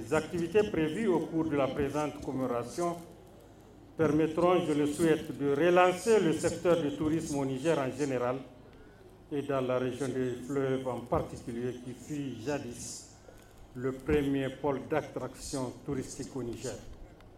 Les activités prévues au cours de la présente commémoration permettront, je le souhaite, de relancer le secteur du tourisme au Niger en général et dans la région des fleuves en particulier, qui fut jadis le premier pôle d'attraction touristique au Niger.